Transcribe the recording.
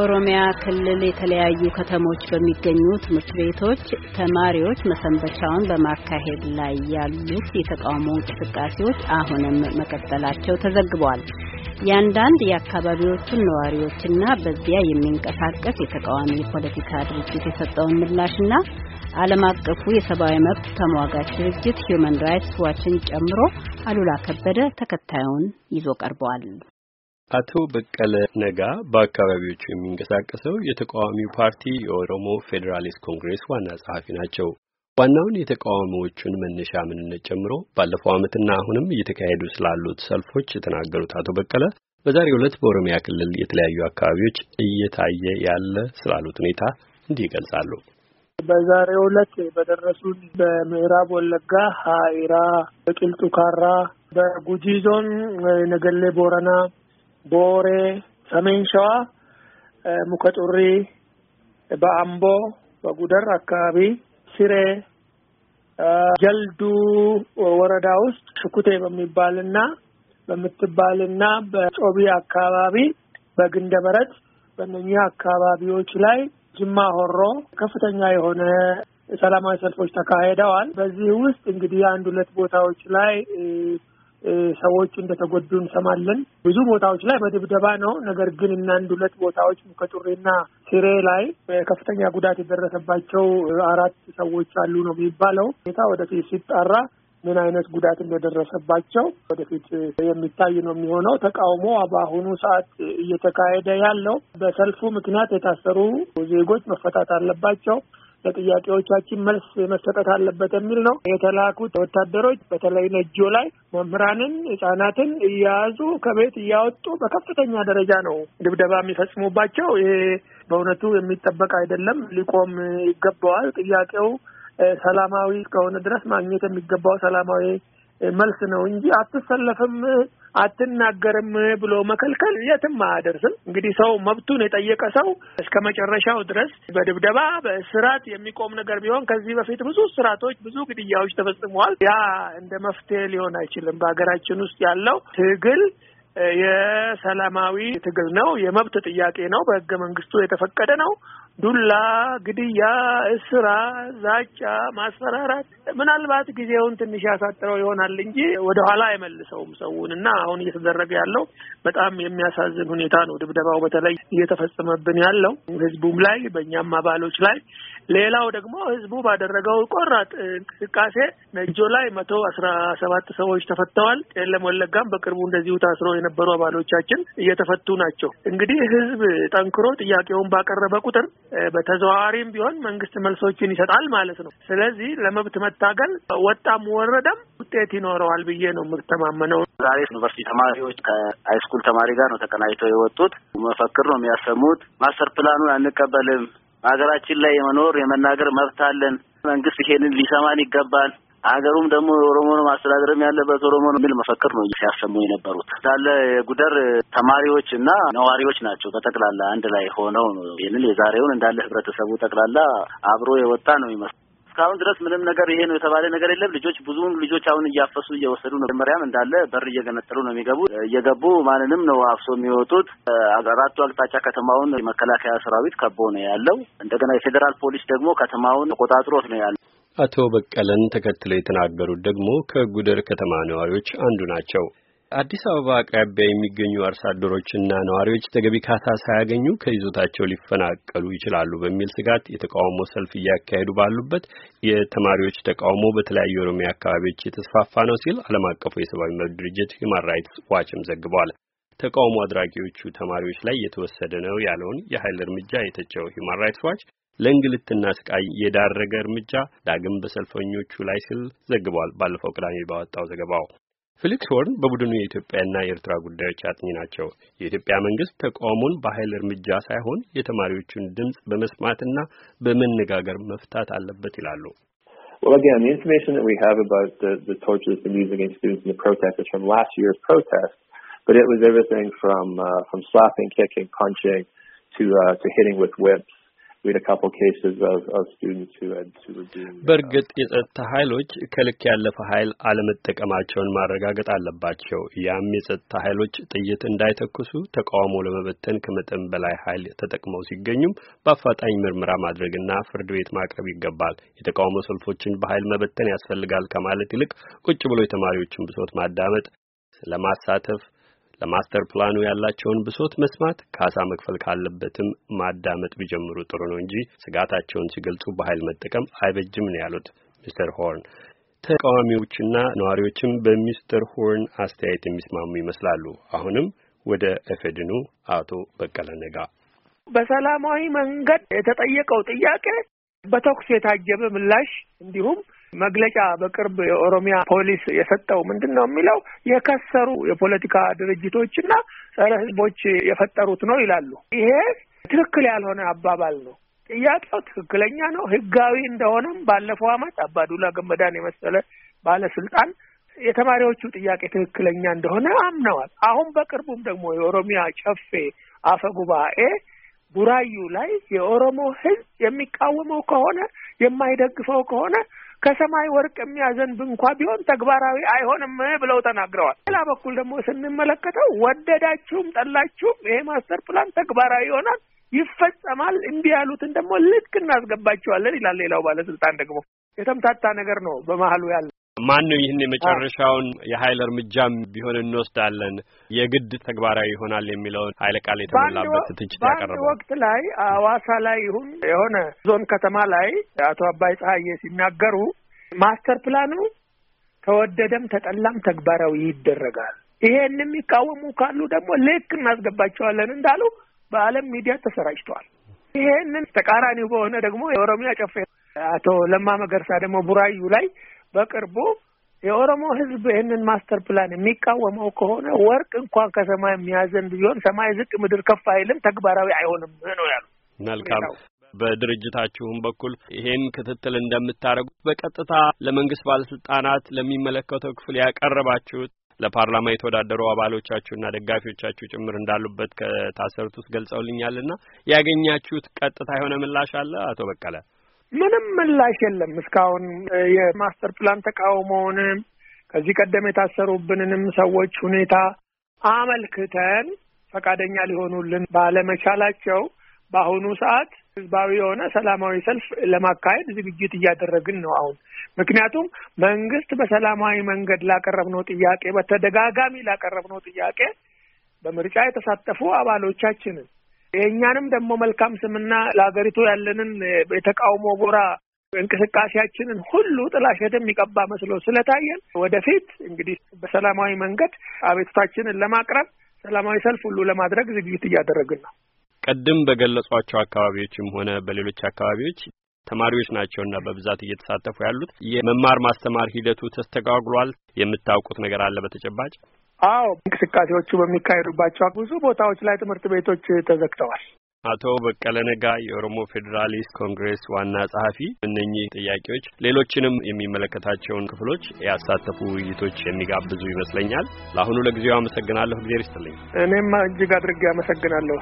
በኦሮሚያ ክልል የተለያዩ ከተሞች በሚገኙ ትምህርት ቤቶች ተማሪዎች መሰንበቻውን በማካሄድ ላይ ያሉት የተቃውሞ እንቅስቃሴዎች አሁንም መቀጠላቸው ተዘግበዋል። የአንዳንድ የአካባቢዎቹን ነዋሪዎችና በዚያ የሚንቀሳቀስ የተቃዋሚ የፖለቲካ ድርጅት የሰጠውን ምላሽና ዓለም አቀፉ የሰብአዊ መብት ተሟጋች ድርጅት ሂዩማን ራይትስ ዋችን ጨምሮ አሉላ ከበደ ተከታዩን ይዞ ቀርበዋል። አቶ በቀለ ነጋ በአካባቢዎቹ የሚንቀሳቀሰው የተቃዋሚው ፓርቲ የኦሮሞ ፌዴራሊስት ኮንግሬስ ዋና ጸሐፊ ናቸው። ዋናውን የተቃዋሚዎቹን መነሻ ምንነት ጨምሮ ባለፈው ዓመትና አሁንም እየተካሄዱ ስላሉት ሰልፎች የተናገሩት አቶ በቀለ በዛሬው ዕለት በኦሮሚያ ክልል የተለያዩ አካባቢዎች እየታየ ያለ ስላሉት ሁኔታ እንዲህ ይገልጻሉ። በዛሬው ዕለት በደረሱን በምዕራብ ወለጋ ሀኢራ፣ በቂልጡካራ፣ በጉጂ ዞን ነገሌ ቦረና ቦሬ፣ ሰሜን ሸዋ፣ ሙከጡሪ፣ በአምቦ፣ በጉደር አካባቢ፣ ሲሬ፣ ጀልዱ ወረዳ ውስጥ ሽኩቴ በሚባልና በምትባልና በጮቢ አካባቢ በግንደ በረት በእነኚህ አካባቢዎች ላይ ጅማ ሆሮ ከፍተኛ የሆነ ሰላማዊ ሰልፎች ተካሂደዋል። በዚህ ውስጥ እንግዲህ አንድ ሁለት ቦታዎች ላይ ሰዎች እንደተጎዱ እንሰማለን። ብዙ ቦታዎች ላይ በድብደባ ነው። ነገር ግን እናንድ ሁለት ቦታዎች ሙከጩሬና ሲሬ ላይ ከፍተኛ ጉዳት የደረሰባቸው አራት ሰዎች አሉ ነው የሚባለው። ሁኔታ ወደፊት ሲጣራ ምን አይነት ጉዳት እንደደረሰባቸው ወደፊት የሚታይ ነው የሚሆነው። ተቃውሞ በአሁኑ ሰዓት እየተካሄደ ያለው በሰልፉ ምክንያት የታሰሩ ዜጎች መፈታት አለባቸው። ለጥያቄዎቻችን መልስ መሰጠት አለበት የሚል ነው የተላኩት። ወታደሮች በተለይ ነጆ ላይ መምህራንን፣ ህጻናትን እያያዙ ከቤት እያወጡ በከፍተኛ ደረጃ ነው ድብደባ የሚፈጽሙባቸው። ይሄ በእውነቱ የሚጠበቅ አይደለም፣ ሊቆም ይገባዋል። ጥያቄው ሰላማዊ እስከሆነ ድረስ ማግኘት የሚገባው ሰላማዊ መልስ ነው እንጂ አትሰለፍም አትናገርም ብሎ መከልከል የትም አያደርስም። እንግዲህ ሰው መብቱን የጠየቀ ሰው እስከ መጨረሻው ድረስ በድብደባ በእስራት የሚቆም ነገር ቢሆን ከዚህ በፊት ብዙ እስራቶች፣ ብዙ ግድያዎች ተፈጽመዋል። ያ እንደ መፍትሄ ሊሆን አይችልም። በሀገራችን ውስጥ ያለው ትግል የሰላማዊ ትግል ነው። የመብት ጥያቄ ነው። በህገ መንግስቱ የተፈቀደ ነው። ዱላ፣ ግድያ፣ እስራ፣ ዛቻ፣ ማስፈራራት ምናልባት ጊዜውን ትንሽ ያሳጥረው ይሆናል እንጂ ወደኋላ አይመልሰውም ሰውን እና አሁን እየተደረገ ያለው በጣም የሚያሳዝን ሁኔታ ነው። ድብደባው በተለይ እየተፈጸመብን ያለው ህዝቡም ላይ በእኛም አባሎች ላይ ሌላው ደግሞ ህዝቡ ባደረገው ቆራጥ እንቅስቃሴ ነጆ ላይ መቶ አስራ ሰባት ሰዎች ተፈተዋል። ቄለም ወለጋም በቅርቡ እንደዚሁ ታስረው የነበሩ አባሎቻችን እየተፈቱ ናቸው። እንግዲህ ህዝብ ጠንክሮ ጥያቄውን ባቀረበ ቁጥር በተዘዋዋሪም ቢሆን መንግስት መልሶችን ይሰጣል ማለት ነው። ስለዚህ ለመብት መታገል ወጣም ወረደም ውጤት ይኖረዋል ብዬ ነው የምተማመነው። ዛሬ ዩኒቨርሲቲ ተማሪዎች ከሃይስኩል ተማሪ ጋር ነው ተቀናጅተው የወጡት። መፈክር ነው የሚያሰሙት። ማስተር ፕላኑን አንቀበልም ሀገራችን ላይ የመኖር የመናገር መብት አለን። መንግስት ይሄንን ሊሰማን ይገባል። አገሩም ደግሞ የኦሮሞንም ማስተዳደርም ያለበት ኦሮሞ የሚል መፈክር ነው ሲያሰሙ የነበሩት። እንዳለ የጉደር ተማሪዎች እና ነዋሪዎች ናቸው በጠቅላላ አንድ ላይ ሆነው ይህንን የዛሬውን እንዳለ ህብረተሰቡ ጠቅላላ አብሮ የወጣ ነው ይመስል እስካሁን ድረስ ምንም ነገር ይሄ ነው የተባለ ነገር የለም። ልጆች ብዙውን ልጆች አሁን እያፈሱ እየወሰዱ ነው። መጀመሪያም እንዳለ በር እየገነጠሉ ነው የሚገቡ እየገቡ ማንንም ነው አፍሶ የሚወጡት። አራቱ አቅጣጫ ከተማውን የመከላከያ ሰራዊት ከቦ ነው ያለው። እንደገና የፌዴራል ፖሊስ ደግሞ ከተማውን ተቆጣጥሮት ነው ያለው። አቶ በቀለን ተከትለው የተናገሩት ደግሞ ከጉደር ከተማ ነዋሪዎች አንዱ ናቸው። አዲስ አበባ አቅራቢያ የሚገኙ አርሶ አደሮችና ነዋሪዎች ተገቢ ካሳ ሳያገኙ ከይዞታቸው ሊፈናቀሉ ይችላሉ በሚል ስጋት የተቃውሞ ሰልፍ እያካሄዱ ባሉበት የተማሪዎች ተቃውሞ በተለያዩ የኦሮሚያ አካባቢዎች የተስፋፋ ነው ሲል ዓለም አቀፉ የሰብአዊ መብት ድርጅት ሂማን ራይትስ ዋችም ዘግቧል። ተቃውሞ አድራጊዎቹ ተማሪዎች ላይ የተወሰደ ነው ያለውን የኃይል እርምጃ የተቸው ሂማን ራይትስ ዋች ለእንግልትና ስቃይ የዳረገ እርምጃ ዳግም በሰልፈኞቹ ላይ ሲል ዘግቧል። ባለፈው ቅዳሜ ባወጣው ዘገባው ፊሊክስ ሆርን በቡድኑ የኢትዮጵያና የኤርትራ ጉዳዮች አጥኚ ናቸው። የኢትዮጵያ መንግስት ተቃውሞን በኃይል እርምጃ ሳይሆን የተማሪዎቹን ድምፅ በመስማትና በመነጋገር መፍታት አለበት ይላሉ። Well, again, the information that we have about the, the torture that's been used against students in the protest is from last year's protest, but it was everything from uh, from slapping, kicking, punching, to uh, to hitting with whips. Uh, በእርግጥ የጸጥታ ኃይሎች ከልክ ያለፈ ኃይል አለመጠቀማቸውን ማረጋገጥ አለባቸው። ያም የጸጥታ ኃይሎች ጥይት እንዳይተኩሱ ተቃውሞ ለመበተን ከመጠን በላይ ኃይል ተጠቅመው ሲገኙም በአፋጣኝ ምርመራ ማድረግና ፍርድ ቤት ማቅረብ ይገባል። የተቃውሞ ሰልፎችን በኃይል መበተን ያስፈልጋል ከማለት ይልቅ ቁጭ ብሎ የተማሪዎችን ብሶት ማዳመጥ ለማሳተፍ ለማስተር ፕላኑ ያላቸውን ብሶት መስማት ካሳ መክፈል ካለበትም ማዳመጥ ቢጀምሩ ጥሩ ነው እንጂ ስጋታቸውን ሲገልጹ በኃይል መጠቀም አይበጅም ነው ያሉት ሚስተር ሆርን። ተቃዋሚዎችና ነዋሪዎችም በሚስተር ሆርን አስተያየት የሚስማሙ ይመስላሉ። አሁንም ወደ ኤፌድኑ አቶ በቀለ ነጋ በሰላማዊ መንገድ የተጠየቀው ጥያቄ በተኩስ የታጀበ ምላሽ እንዲሁም መግለጫ በቅርብ የኦሮሚያ ፖሊስ የሰጠው ምንድን ነው የሚለው የከሰሩ የፖለቲካ ድርጅቶች እና ጸረ ህዝቦች የፈጠሩት ነው ይላሉ። ይሄ ትክክል ያልሆነ አባባል ነው። ጥያቄው ትክክለኛ ነው፣ ህጋዊ እንደሆነም ባለፈው ዓመት አባዱላ ገመዳን የመሰለ ባለስልጣን የተማሪዎቹ ጥያቄ ትክክለኛ እንደሆነ አምነዋል። አሁን በቅርቡም ደግሞ የኦሮሚያ ጨፌ አፈ ጉባኤ ቡራዩ ላይ የኦሮሞ ህዝብ የሚቃወመው ከሆነ የማይደግፈው ከሆነ ከሰማይ ወርቅ የሚያዘንብ እንኳ ቢሆን ተግባራዊ አይሆንም ብለው ተናግረዋል። ሌላ በኩል ደግሞ ስንመለከተው ወደዳችሁም ጠላችሁም ይሄ ማስተር ፕላን ተግባራዊ ይሆናል፣ ይፈጸማል፣ እምቢ ያሉትን ደግሞ ልክ እናስገባቸዋለን ይላል። ሌላው ባለስልጣን ደግሞ የተምታታ ነገር ነው በመሀሉ ያለ ማን ነው ይህን የመጨረሻውን የኃይል እርምጃም ቢሆን እንወስዳለን የግድ ተግባራዊ ይሆናል የሚለውን ኃይለ ቃል የተሞላበት ትችት ያቀረበ ወቅት ላይ አዋሳ ላይ ይሁን የሆነ ዞን ከተማ ላይ አቶ አባይ ፀሐዬ ሲናገሩ ማስተር ፕላኑ ተወደደም ተጠላም ተግባራዊ ይደረጋል። ይሄን የሚቃወሙ ካሉ ደግሞ ልክ እናስገባቸዋለን እንዳሉ በዓለም ሚዲያ ተሰራጭተዋል። ይሄንን ተቃራኒው በሆነ ደግሞ የኦሮሚያ ጨፌ አቶ ለማ መገርሳ ደግሞ ቡራዩ ላይ በቅርቡ የኦሮሞ ህዝብ ይህንን ማስተር ፕላን የሚቃወመው ከሆነ ወርቅ እንኳን ከሰማይ የሚያዘን ቢሆን ሰማይ ዝቅ ምድር ከፍ አይልም፣ ተግባራዊ አይሆንም ነው ያሉ። መልካም። በድርጅታችሁም በኩል ይሄን ክትትል እንደምታደርጉት በቀጥታ ለመንግስት ባለስልጣናት ለሚመለከተው ክፍል ያቀረባችሁት ለፓርላማ የተወዳደሩ አባሎቻችሁና ደጋፊዎቻችሁ ጭምር እንዳሉበት ከታሰሩት ውስጥ ገልጸውልኛልና ያገኛችሁት ቀጥታ የሆነ ምላሽ አለ አቶ በቀለ? ምንም ምላሽ የለም። እስካሁን የማስተር ፕላን ተቃውሞውንም ከዚህ ቀደም የታሰሩብንንም ሰዎች ሁኔታ አመልክተን ፈቃደኛ ሊሆኑልን ባለመቻላቸው በአሁኑ ሰዓት ህዝባዊ የሆነ ሰላማዊ ሰልፍ ለማካሄድ ዝግጅት እያደረግን ነው። አሁን ምክንያቱም መንግስት በሰላማዊ መንገድ ላቀረብነው ጥያቄ፣ በተደጋጋሚ ላቀረብነው ጥያቄ በምርጫ የተሳተፉ አባሎቻችንን የእኛንም ደግሞ መልካም ስምና ለሀገሪቱ ያለንን የተቃውሞ ጎራ እንቅስቃሴያችንን ሁሉ ጥላሸት የሚቀባ መስሎ ስለታየን ወደፊት እንግዲህ በሰላማዊ መንገድ አቤቱታችንን ለማቅረብ ሰላማዊ ሰልፍ ሁሉ ለማድረግ ዝግጅት እያደረግን ነው። ቀድም በገለጿቸው አካባቢዎችም ሆነ በሌሎች አካባቢዎች ተማሪዎች ናቸውና በብዛት እየተሳተፉ ያሉት የመማር ማስተማር ሂደቱ ተስተጓጉሏል። የምታውቁት ነገር አለ በተጨባጭ? አዎ እንቅስቃሴዎቹ በሚካሄዱባቸው ብዙ ቦታዎች ላይ ትምህርት ቤቶች ተዘግተዋል። አቶ በቀለ ነጋ የኦሮሞ ፌዴራሊስት ኮንግሬስ ዋና ጸሐፊ፣ እነኚህ ጥያቄዎች ሌሎችንም የሚመለከታቸውን ክፍሎች ያሳተፉ ውይይቶች የሚጋብዙ ይመስለኛል። ለአሁኑ ለጊዜው አመሰግናለሁ። እግዜር ይስጥልኝ። እኔም እጅግ አድርጌ አመሰግናለሁ።